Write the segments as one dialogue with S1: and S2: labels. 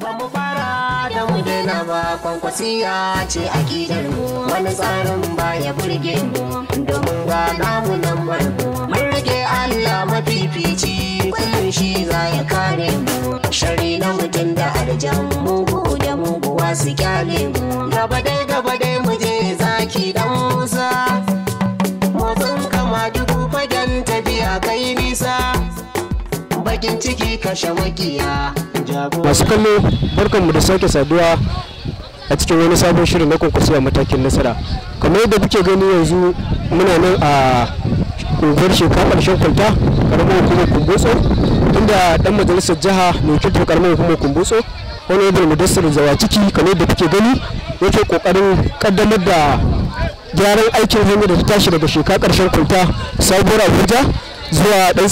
S1: ba mu fara da mu daina ba kwankwasiya ce a mu wani tsarin ba ya burge mu domin ga namu nan mun rage Allah mafifici kullum shi za ya kare mu shari na mutum da arjan mugu da muguwa su kyale mu gaba dai gaba dai mu je zaki dan musa bakin ciki kashe makiya masu kallo barkan mu da sake saduwa a cikin wani sabon shirin na konkursi a matakin nasara kamar yadda kuke gani yanzu muna nan a unguwar shekara ƙarshen kwalta karamar hukumar kumbutso inda dan majalisar jiha mai kyautar karamar hukumar kumbutso wani yadda mudassar zawa ciki kamar yadda kuke gani yake kokarin kaddamar da gyaran aikin hanyar da ta tashi daga shekara ƙarshen kwalta sabuwar abuja zuwa dan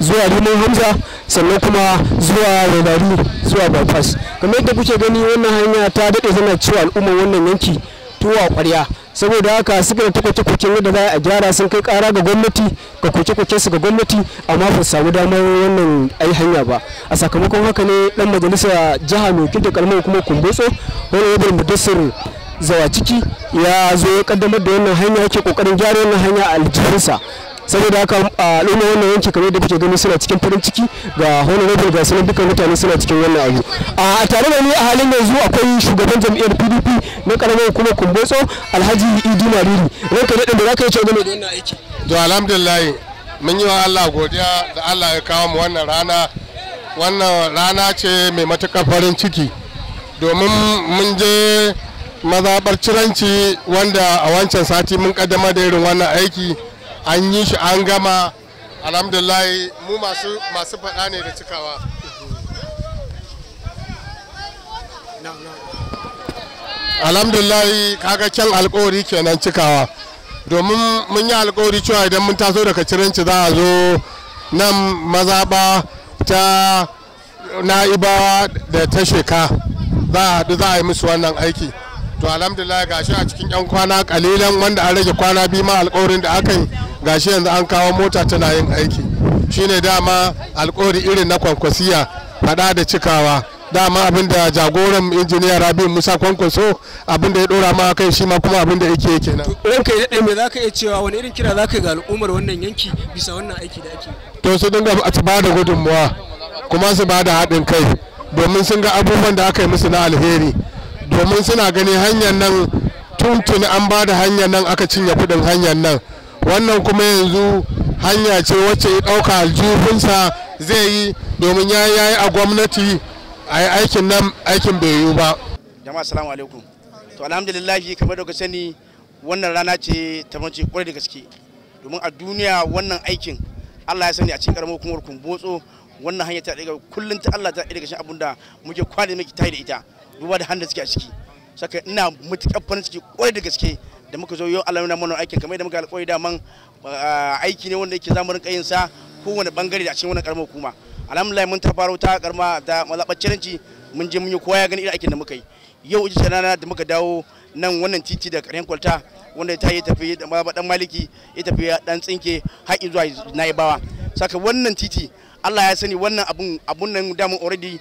S1: zuwa rimon hamza sannan kuma zuwa rodari zuwa bypass kamar yadda kuke gani wannan hanya ta daɗe zana cewa al'ummar wannan yanki tuwa kwarya saboda haka suka da takwace koken yadda za a gyara sun kai kara ga gwamnati ga kwace koken su ga gwamnati amma ba su samu damar wannan ai hanya ba a sakamakon haka ne dan majalisa jiha mai kinta kalmar kuma kumbotso wani yadda mudassir zawa ciki ya zo ya kaddamar da wannan hanya yake kokarin gyara wannan hanya a aljihunsa saboda haka al'umma wannan yanki kamar da kuke gani suna cikin farin ciki ga honorable ga sanar dukkan mutane suna cikin wannan abu a tare da ni a halin yanzu akwai shugaban jam'iyyar pdp na karamar hukumar kumbotso alhaji idi mariri ka daɗin da za ka yi cewa wannan aiki
S2: mun yi wa allah godiya da allah ya kawo mu wannan rana wannan rana ce mai matuƙar farin ciki domin mun je mazaɓar ciranci wanda a wancan sati mun ƙaddamar da irin wannan aiki an yi shi an gama alhamdulillah mu masu masu faɗa ne da cikawa alhamdulillah kaga can alkawari kenan cikawa domin mun yi alkawari cewa idan mun taso daga ciranci za a zo nan mazaba ta na'ibawa da ta sheka za a haɗu za a yi musu wannan aiki to alhamdulillah gashi a cikin yan kwana kalilan wanda an rage kwana biyu ma alkawarin da aka yi gashi yanzu an kawo mota tana yin aiki shine dama alkawari irin na kwankwasiya fada da cikawa dama abin da jagoran injiniya rabi musa kwankwaso abin da ya dora ma kai shi ma kuma abin da yake kenan ranka ya
S1: daɗe me za ka iya cewa wani irin kira za ka ga al'ummar wannan yanki bisa wannan aiki da ake
S2: to su dinga ba da gudunmuwa kuma su ba da haɗin kai domin sun ga abubuwan da aka yi musu na alheri domin suna gani hanyar nan tuntun an ba da hanyar nan aka cinye kudin hanyar nan wannan kuma yanzu
S3: hanya ce wacce ya ɗauka aljihunsa zai yi domin ya yi a gwamnati a yi aikin nan aikin bai yiwu ba jama'a salamu alaikum to alhamdulillahi kamar da sani wannan rana ce ta mace kwarai da gaske domin a duniya wannan aikin allah ya sani a cikin karamar hukumar kumbotso wannan hanya ta daga kullum ta allah ta daga shan abin da muke kwana muke tayi da ita ruwa da hannun suke a ciki saka ina mutukar farin ciki kwarai da gaske da muka zo yau Allah ya mana aikin kamar da muka alƙawari da man ah, aiki ne wanda yake zamu rinka yin sa kowane bangare da a cikin wannan karamar hukuma alhamdulillah mun ta faro ta karma ta mazaɓacin mun je mun yi kowa ya gani irin aikin da muka yi yau ita sanana da muka dawo nan wannan titi da ƙarshen kwalta wanda ta yi tafi dan maliki ya tafi dan tsinke har zuwa na bawa saka wannan titi Allah ya sani wannan abun abun nan damun already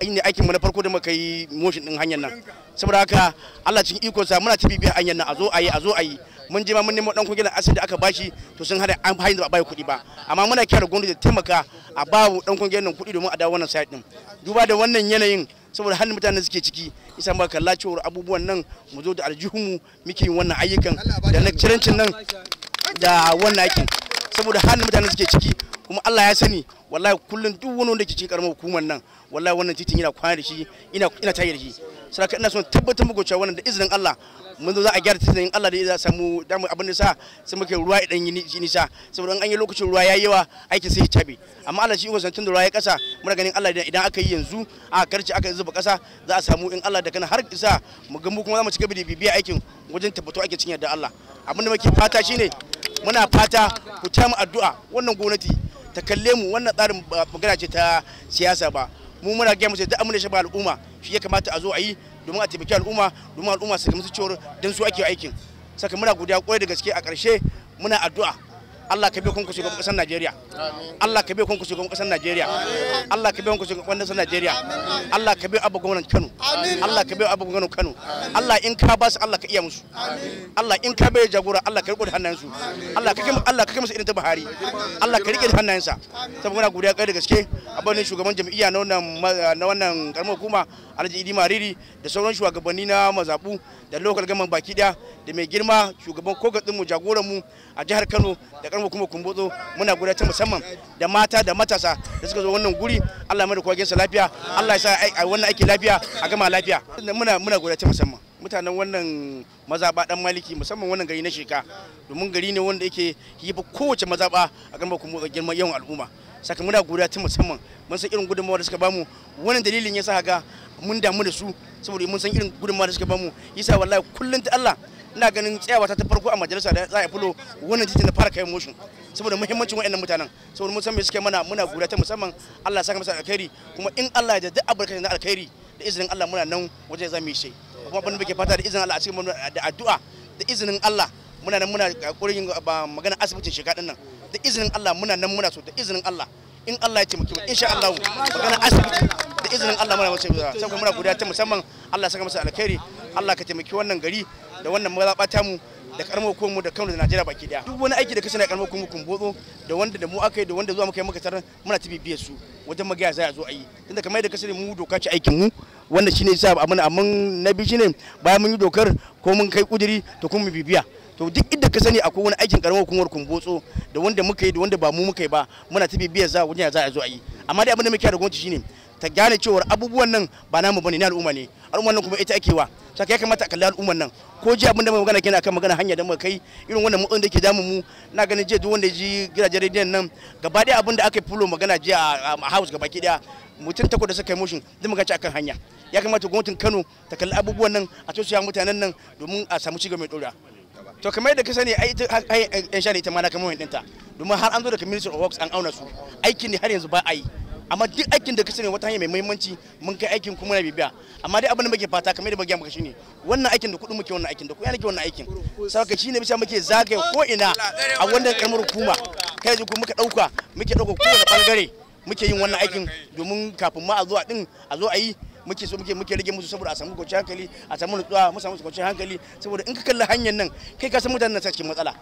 S3: inda aikin mu na farko da muka yi motion din hanyar nan saboda haka Allah cikin iko sa muna tafi bibiyar hanyar nan a zo ayi a zo ayi mun je ma mun nemo dan kungilan asali da aka bashi to sun hada an hanyar ba bai kuɗi ba amma muna kiyar gwamnati da taimaka a ba mu dan kungiyar nan kuɗi domin a dawo wannan site din duba da wannan yanayin saboda hannun mutanen suke ciki isa ba kalla cewar abubuwan nan mu zo da aljihunmu muke yin wannan ayyukan da na nan da wannan aikin saboda halin mutanen suke ciki kuma Allah ya sani wallahi kullun duk wani wanda ke cikin karamar hukumar nan wallahi wannan titin yana kwana da shi ina ina tayar da shi saboda ina son tabbatar muku cewa wannan da izinin Allah mun zo za a gyara titin Allah da ya samu damu abin da sa sai muke ruwa idan yi nisa saboda an yi lokacin ruwa yayi yawa aikin sai ya tabe amma Allah shi ko san da ruwa ya kasa muna ganin Allah idan aka yi yanzu a karci aka zuba kasa za a samu in Allah da kana har isa mu ga mu kuma za mu ci gaba da bibiya aikin wajen tabbato aikin cikin yadda Allah abin da muke fata shine muna fata ku ta mu addu'a wannan gwamnati ta kalle mu wannan tsarin magana ce ta siyasa ba mu muna gaya musu duk amina shi ba al'umma shi ya kamata a zo a yi domin a taimaki al'umma domin al'umma su musu cewar dan su ake aikin saka muna godiya kwarai da gaske a ƙarshe muna addu'a Allah ka bai kunku shugaban kasar Najeriya Allah ka bai kunku shugaban kasar Najeriya Allah ka bai kunku shugaban kasar Najeriya Allah ka bi abu gwamnan Kano Allah ka bi abu gwamnan Kano Allah in ka ba su Allah ka iya musu Allah in ka bai jagora Allah ka riƙo da hannayensu Allah ka kima Allah ka kima su irin ta Buhari Allah ka riƙe da hannayensa saboda muna godiya kai da gaske abin shugaban jami'a na wannan na wannan karamar hukuma alhaji idi mariri da sauran shugabanni na mazabu da local government baki daya da mai girma shugaban kogatsin mu jagoran mu a jihar kano da karmu kuma kumbotso muna gudanar musamman da mata da matasa da suka zo wannan guri allah mai da kwa gaisa lafiya allah ya sa a wannan aiki lafiya a gama lafiya muna muna gudanar musamman mutanen wannan mazaba dan maliki musamman wannan gari na sheka domin gari ne wanda yake yi kowace mazaba a gama kuma girman yawan al'umma saka muna godiya ta musamman mun san irin gudunmawa da suka bamu wannan dalilin ya sa ga mun damu da su saboda mun san irin gudunmawa da suka bamu yasa wallahi kullun ta Allah ina ganin tsayawa ta farko a majalisa da za a fulo wannan titin na fara kai motion saboda muhimmancin wayannan mutanen saboda mun san me suke mana muna gura ta musamman Allah ya saka masa alkhairi kuma in Allah ya da albarkacin na alkhairi da izinin Allah muna nan waje za mu yi shi kuma abin da muke fata da izinin Allah a cikin da addu'a da izinin Allah muna nan muna kokarin magana asibitin shiga din nan da izinin Allah muna nan muna so da izinin Allah in Allah ya ce mu insha Allah magana asibiti da izinin Allah muna masa bizara sai kuma muna godiya ta musamman Allah saka masa alkhairi Allah ka taimaki wannan gari da wannan ta mu da karamar hukumar mu da Kano da Najeriya baki daya duk wani aiki da kace na karamar hukumar bozo da wanda da mu aka yi da wanda zuwa muka yi muka tarar muna ta bibiyar su wajen magaya za a zo a yi tunda kamar yadda kace mu doka ce aikin mu wanda shine yasa abin amma na bi shine bayan mun yi dokar ko mun kai kuduri to kuma mu bibiya to duk inda ka sani akwai wani aikin karamar hukumar kumbotso da wanda muka yi da wanda ba mu muka yi ba muna ta bibiyar za wajen za a zo a yi amma dai abin da muke da gwamnati shine ta gane cewar abubuwan nan ba namu bane na al'umma ne al'umma nan kuma ita ake wa saka ya kamata a kalli al'umman nan ko ji abin da mai magana kenan akan magana hanya da muka kai irin wannan mutsun da ke damun mu na ganin jiya duk wanda ji gidajen rediyon nan gaba daya abin da aka fulo magana jiya a house gaba ki daya mutum tako da suka yi motion zai magana akan hanya ya kamata gwamnatin Kano ta kalli abubuwan nan a tosiya mutanen nan domin a samu cigaba mai dora to kamar da ka sani ai sha shari ita mana kamar ɗinta domin har an zo daga ministry of works an auna su aikin ne har yanzu ba a yi amma duk aikin da ka sani wata hanya mai muhimmanci mun kai aikin kuma na bibiya amma dai abin da muke fata kamar da muke maka shine wannan aikin da kuɗin muke wannan aikin da kuɗi nake wannan aikin saboda ne bisa muke zagaye ko ina a wannan kalmar hukuma kai ji muka ɗauka muke dauka kowane bangare muke yin wannan aikin domin kafin ma a zo a din a zo a yi muke so muke muke rage musu saboda a samu kwanciyar hankali a samu nutsuwa mu samu kwanciyar hankali saboda in ka kalli hanyar nan kai ka san mutanen nan cikin matsala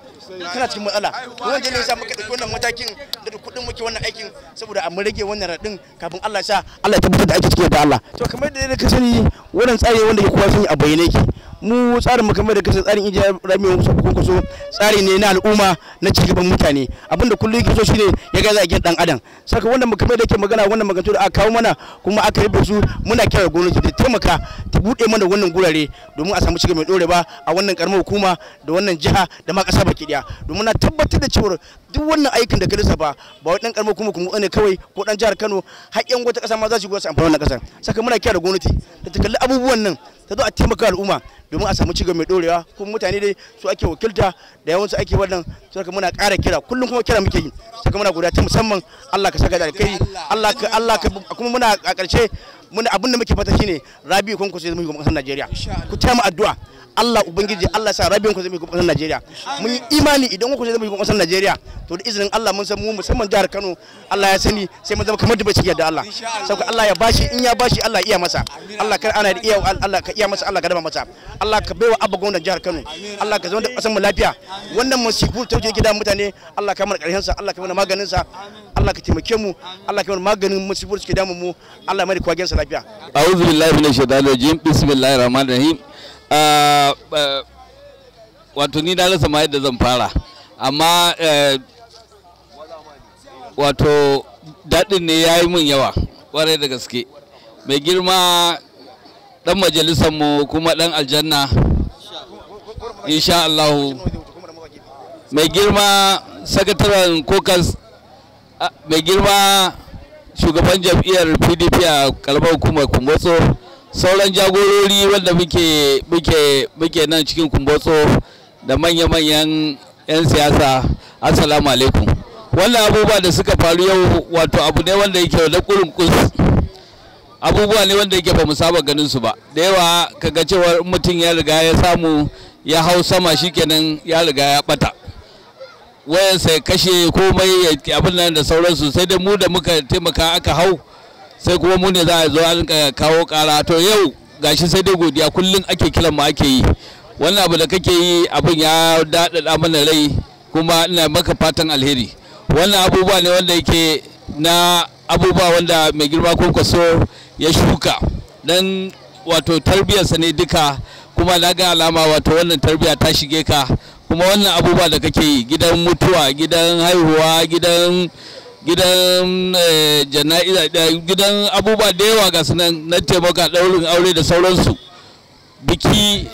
S3: kana cikin matsala wannan dalilin yasa muka dauki wannan matakin da kuɗin muke wannan aikin saboda a mu rage wannan radin kafin Allah ya sa Allah ya tabbatar da aiki cikin da Allah to kamar da ka sani wannan tsari wanda ke kowa sun a bayyane ki mu tsarin mu kamar da kasa tsarin injiyar rami kunku so tsari ne na al'umma na cigaban mutane abinda kullu yake so shine ya ga za a dan adam saka wannan mu kamar da ke magana wannan magantu da aka kawo mana kuma aka rubuta su muna kira gwamnati ta taimaka ta buɗe mana wannan gurare domin a samu cigaba mai ɗorewa a wannan karamar hukuma da wannan jiha da ma ƙasa baki daya domin na tabbatar da cewa duk wannan aikin da ka lissafa ba wai ɗan karamar hukuma kuma ne kawai ko ɗan jihar Kano har wata ƙasa ma za su su amfani wannan ƙasar saka muna kira da gwamnati da ta kalli abubuwan nan ta zo a taimaka al'umma domin a samu cigaba mai ɗorewa kuma mutane dai su ake wakilta da yawan su ake wannan saka muna ƙara kira kullum kuma kira muke yi saka muna godiya ta musamman Allah ka saka da alkai Allah ka Allah ka kuma muna a ƙarshe muna abin da muke fata shine Rabi Kwankwaso ya mu kasar Najeriya ku taya mu addu'a Allah ubangiji Allah sa rabin ku zai mai gwamnatin Najeriya mun yi imani idan ku zai mai gwamnatin Najeriya to da izinin Allah mun san mu musamman jihar Kano Allah ya sani sai mun zama kamar da bace da Allah saboda Allah ya bashi in ya bashi Allah iya masa Allah kar ana iya Allah ka iya masa Allah ka dama masa Allah ka baiwa abba gwamnatin jihar Kano Allah ka zama da kasan mu lafiya wannan musibu ta wuce gidan mutane Allah ka mana karshen sa Allah ka mana maganin sa Allah ka taimake mu Allah ka mana maganin musibu da suke damu mu Allah mai kwagen sa lafiya
S4: a'udhu billahi minash shaitanir rajim bismillahir rahmanir rahim Ah, eh, wato ni na rasa ma yadda zan fara amma eh, wato daɗin ne ya yi min yawa ƙwarai da gaske mai girma ɗan majalisanmu kuma ɗan aljanna insha Allahu mai girma sakataren kokas ah, mai girma shugaban jam'iyyar pdp a kalmar hukumar kungotso sauran jagorori wanda muke nan cikin kumbotso da manya-manyan 'yan siyasa assalamu alaikum wannan abubuwa da suka faru yau wato abu ne wanda yake da kurin abubuwa ne wanda yake ba mu saba ganin su ba da yawa kaga cewa mutum ya riga ya samu ya hau sama shikenan ya riga ya bata wayansa ya kashe komai abin nan da sauransu sai dai mu da muka taimaka aka hau sai kuma mu ne za a zo a rinka kawo kara to yau gashi sai dai godiya kullum ake kiran mu ake yi wannan abu da kake yi abin ya daɗaɗa mana rai kuma ina maka fatan alheri wannan abubuwa ne wanda yake na abubuwa wanda mai girma kaso ya shuka don wato tarbiyarsa ne duka kuma na ga alama wato wannan tarbiya ta shige ka kuma wannan abubuwa da kake yi gidan mutuwa gidan haihuwa gidan gidan eh, jana'iza eh, gidan abubuwa da yawa ga sunan na taimaka daurin aure da sauransu biki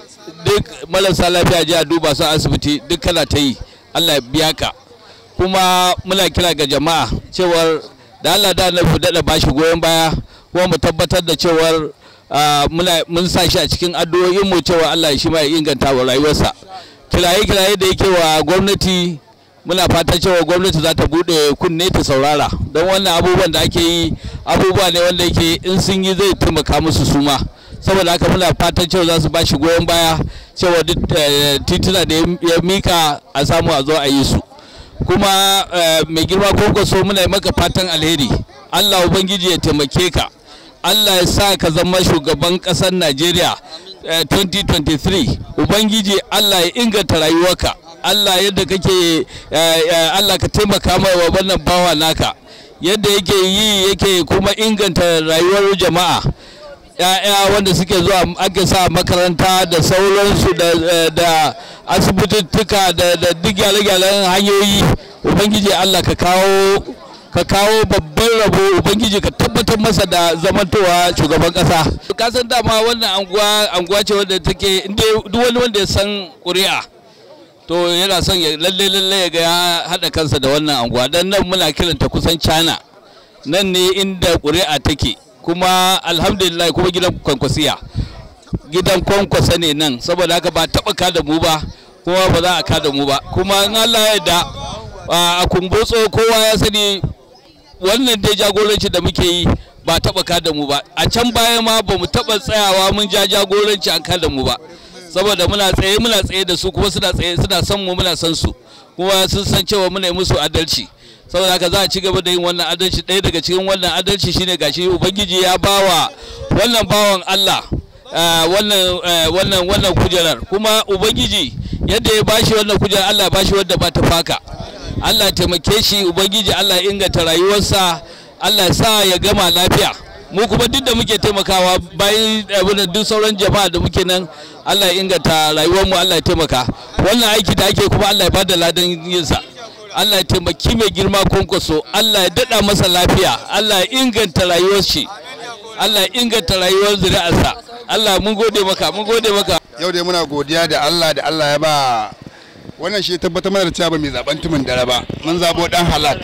S4: duk marasa lafiya ji a duba su asibiti duk kana ta yi allah biya ka kuma muna kira ga jama'a cewar da allah da na daɗa bashi goyon baya kuma mu tabbatar da cewar ah, mun sa shi a cikin addu'o'in mu cewa allah shi ma ya inganta wa rayuwarsa kiraye kiraye da yake wa gwamnati muna fatan cewa gwamnati za ta bude kunne ta saurara don wannan abubuwan da ake yi abubuwa ne wanda yake in sun yi zai taimaka musu suma saboda haka muna fatan cewa za su ba shi goyon baya cewa duk eh, tituna da ya mika a samu a zo a yi su kuma eh, mai girma ko kwaso muna yi maka fatan alheri allah ubangiji ya taimake ka allah ya sa ka zama shugaban kasar najeriya 2023 eh, ubangiji allah ya inganta rayuwarka Allah yadda kake eh, eh, Allah ka taimaka mai wa wannan bawa naka yadda yake yi yake kuma inganta rayuwar jama'a ya'ya wanda suke zuwa ake sa makaranta da sauransu da eh, asibitittuka da duk gyale hanyoyi ubangiji Allah ka kawo ka kawo babban rabo ubangiji ka tabbatar masa da zamantowa shugaban kasa ka san dama wannan anguwa ce wanda take duk wani wanda ya san ƙuri'a to yana son ya lalle lalle ya ga ya haɗa kansa da wannan anguwa dan nan muna kiranta kusan cana nan ne inda ƙuri'a take kuma alhamdulillah kuma gidan kwankwasiya gidan kwankwasa ne nan saboda haka ba taɓa ka da mu ba kuma ba za a ka da mu ba kuma in Allah ya da a kumbotso kowa ya sani wannan dai jagoranci da muke yi ba taɓa ka da mu ba a can baya ma ba mu taɓa tsayawa mun ja jagoranci an ka da mu ba saboda muna tsaye muna tsaye da su kuma suna tsaye suna san mu muna san su kuma sun san cewa muna yi musu adalci saboda haka za a ci gaba da yin wannan adalci ɗaya daga cikin wannan adalci shine gashi ubangiji ya bawa wannan bawan Allah eh, wannan eh, wannan wannan kujerar kuma ubangiji yadda ya bashi wannan kujerar Allah bashi wadda ba ta faka Allah taimake shi ubangiji Allah inganta rayuwarsa Allah sa ya gama lafiya mu kuma duk da muke taimakawa bayan abin duk sauran jama'a da muke nan Allah ya inganta rayuwar mu Allah ya taimaka wannan aiki da ake kuma Allah ya bada ladan yin sa Allah ya taimaki mai girma kwankwaso Allah ya dada masa lafiya Allah ya inganta rayuwar shi Allah ya inganta rayuwar zuri'arsa Allah mun gode maka mun gode maka yau dai muna godiya da Allah da
S2: Allah ya ba wannan shi tabbatar mana da cewa ba mai zaben tumin dare ba mun zabo dan halal.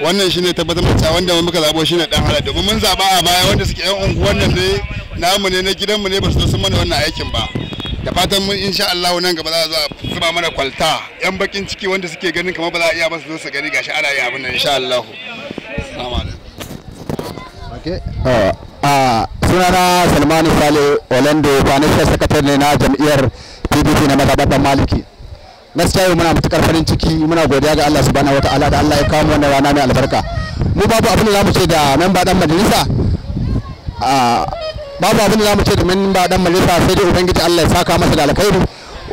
S2: wannan shi ne tabbatar da wanda muka zabo ne dan halal domin mun zaba a baya wanda suke yan unguwar nan ne namu ne na gidanmu ne ba su sun mana wannan aikin ba da fatan mun insha Allah nan gaba za a zo a zuba mana kwalta yan bakin ciki wanda suke ganin kamar ba za a iya ba su zo su gani gashi ana yi abin
S1: nan insha Allah assalamu alaikum okay a uh, uh, sunana Salmanu Sale Olando financial secretary na jam'iyyar PDP na mazaɓaɓɓen Maliki gaskiya yau muna matukar farin ciki muna godiya ga Allah subhanahu wataala da Allah ya kawo mu wannan rana mai albarka mu babu abin da zamu ce da memba dan majalisa babu abin da zamu ce da memba dan majalisa sai dai ubangiji Allah ya saka masa da alkhairi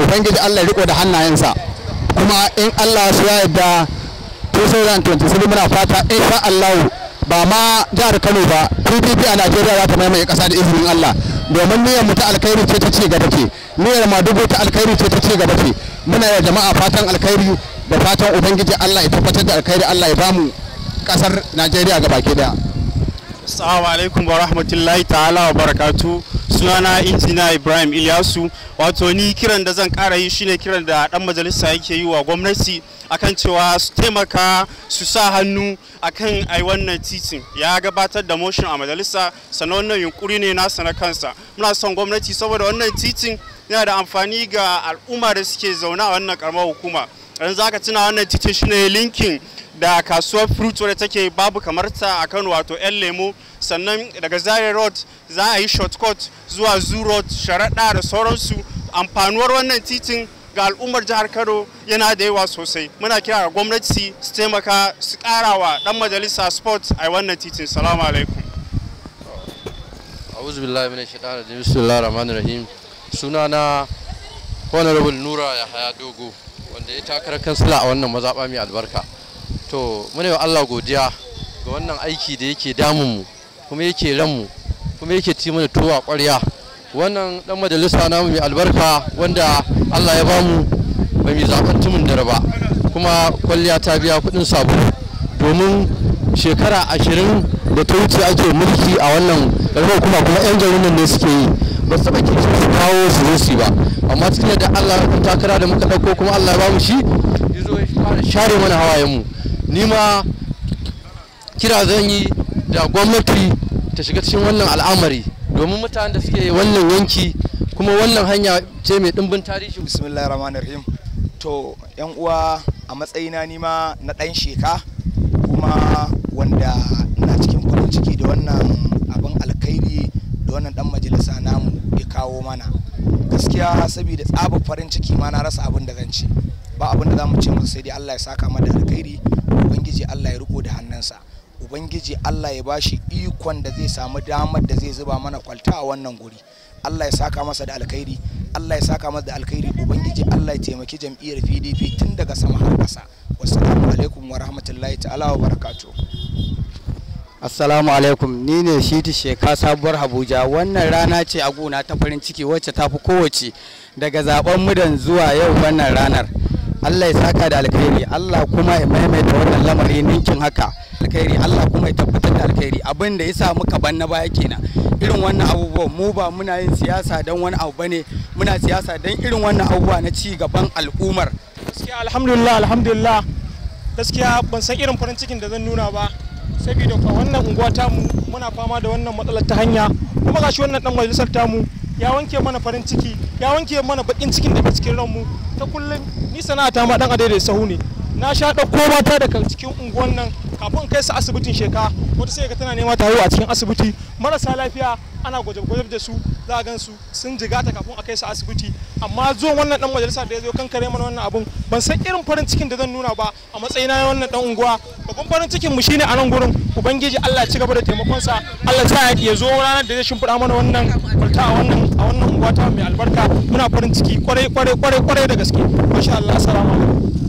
S1: ubangiji Allah ya riko da hannayensa kuma in Allah ya yarda 2027 muna fata insha Allah ba ma jihar Kano ba PPP a Najeriya za ta maimaye kasa da izinin Allah domin niyyar mu ta alkhairi ce ta ci gaba ce niyyar dubo ta alkhairi ce ta ci
S3: gaba ce muna da jama'a fatan alkhairi da fatan ubangiji Allah ya tabbatar da alkhairi Allah ya bamu kasar Najeriya ga baki daya Assalamu alaikum wa rahmatullahi ta'ala wa barakatu sunana injina Ibrahim Ilyasu wato ni kiran da zan kara yi shine kiran da dan majalisa yake yi wa gwamnati akan cewa su taimaka su sa hannu akan ai wannan titin ya gabatar da motion a majalisa sannan wannan yunkuri ne nasa na kansa muna son gwamnati saboda wannan titin yana da amfani ga al'umma da suke zaune a wannan karamar hukuma yanzu za ka tuna wannan titin shi ne linkin da kasuwar fruit wadda take babu kamar ta a kano wato yan lemo sannan daga zaria road za a yi shortcut zuwa zoo road sharaɗa da sauransu amfanuwar wannan titin ga al'ummar jihar kano yana da yawa sosai muna kira ga gwamnati su taimaka su ƙara wa ɗan majalisa sport a wannan titin salamu alaikum sunana honorable nura ya haya dogo wanda ya takarar kansila a wannan mazaɓa mai albarka to muna yi allah godiya ga wannan aiki da yake damunmu kuma yake ranmu kuma yake ci mana tuwa ƙwarya wannan dan majalisa namu mai albarka wanda allah ya bamu ba mai zaɓen tumin dare ba kuma kwalliya ta biya kuɗin sabulu
S1: domin shekara ashirin da ta wuce ake mulki a wannan kuma kuma 'yan jarumin ne suke yi ba su ke su kawo su ba amma cikin yadda Allah
S3: takara da muka ɗauko kuma Allah ya bamu shi ya zo share mana hawayen mu ni ma kira zan yi da gwamnati ta shiga cikin wannan al'amari domin mutanen da suke wannan yanki kuma wannan hanya ce mai ɗimbin tarihi bismillahir rahmanir rahim to yan uwa a matsayina ni ma na ɗan sheka kuma wanda ina cikin farin ciki da wannan abin alkhairi da wannan dan kawo mana gaskiya saboda tsabin farin ciki ma na rasa abin da zan ci ba abin da za mu ce mu sai dai Allah ya saka da alkhairi ubangiji Allah ya riko da hannunsa ubangiji Allah ya bashi ikon da zai samu damar da zai zuba mana kwalta a wannan guri Allah ya saka masa da alkhairi Allah ya saka masa da alkhairi ubangiji Allah ya taimaki jam'iyyar PDP tun daga sama har ƙasa wassalamu alaikum wa rahmatullahi ta'ala wa barakatuh
S4: assalamu alaikum ni ne shiti sheka sabuwar habuja
S3: wannan rana ce a guna ta farin ciki wacce ta fi kowace daga zaben mudan zuwa yau wannan ranar allah ya saka da alkhairi allah kuma ya maimaita wannan lamari ninkin haka alkhairi allah kuma ya tabbatar da alkhairi abin da ya sa muka banna na baya kenan irin wannan abubuwan mu ba muna yin siyasa don wani abu bane muna siyasa don irin wannan abubuwa na ci gaban al'ummar gaskiya alhamdulillah alhamdulillah gaskiya ban san irin farin
S1: cikin da zan nuna ba saboda kuwa wannan unguwa tamu muna fama da wannan matsalar ta hanya kuma gashi wannan dan majalisar tamu ya wanke mana farin ciki ya wanke mana bakin cikin da ke cikin ranmu ta kullum ni sana'a ta ma dan adaidai sahu ne na sha ɗauko mata daga cikin unguwan nan kafin kai su asibitin sheka wata sai ka tana nema taro a cikin asibiti marasa lafiya ana gwaje-gwaje da su za a gan su sun jigata kafin a kai su asibiti amma zuwan wannan dan majalisa da ya zo kan kare mana wannan abun ban san irin farin cikin da zan nuna ba a matsayina na wannan dan unguwa babban farin cikin mu shine a nan gurin ubangiji Allah ya ci gaba da taimakon sa Allah ta ya zo ranar da zai shimfiɗa mana wannan kwalta a wannan a wannan unguwa ta mai albarka muna farin ciki kwarai kwarai kwarai kwarai da gaske masha Allah assalamu alaikum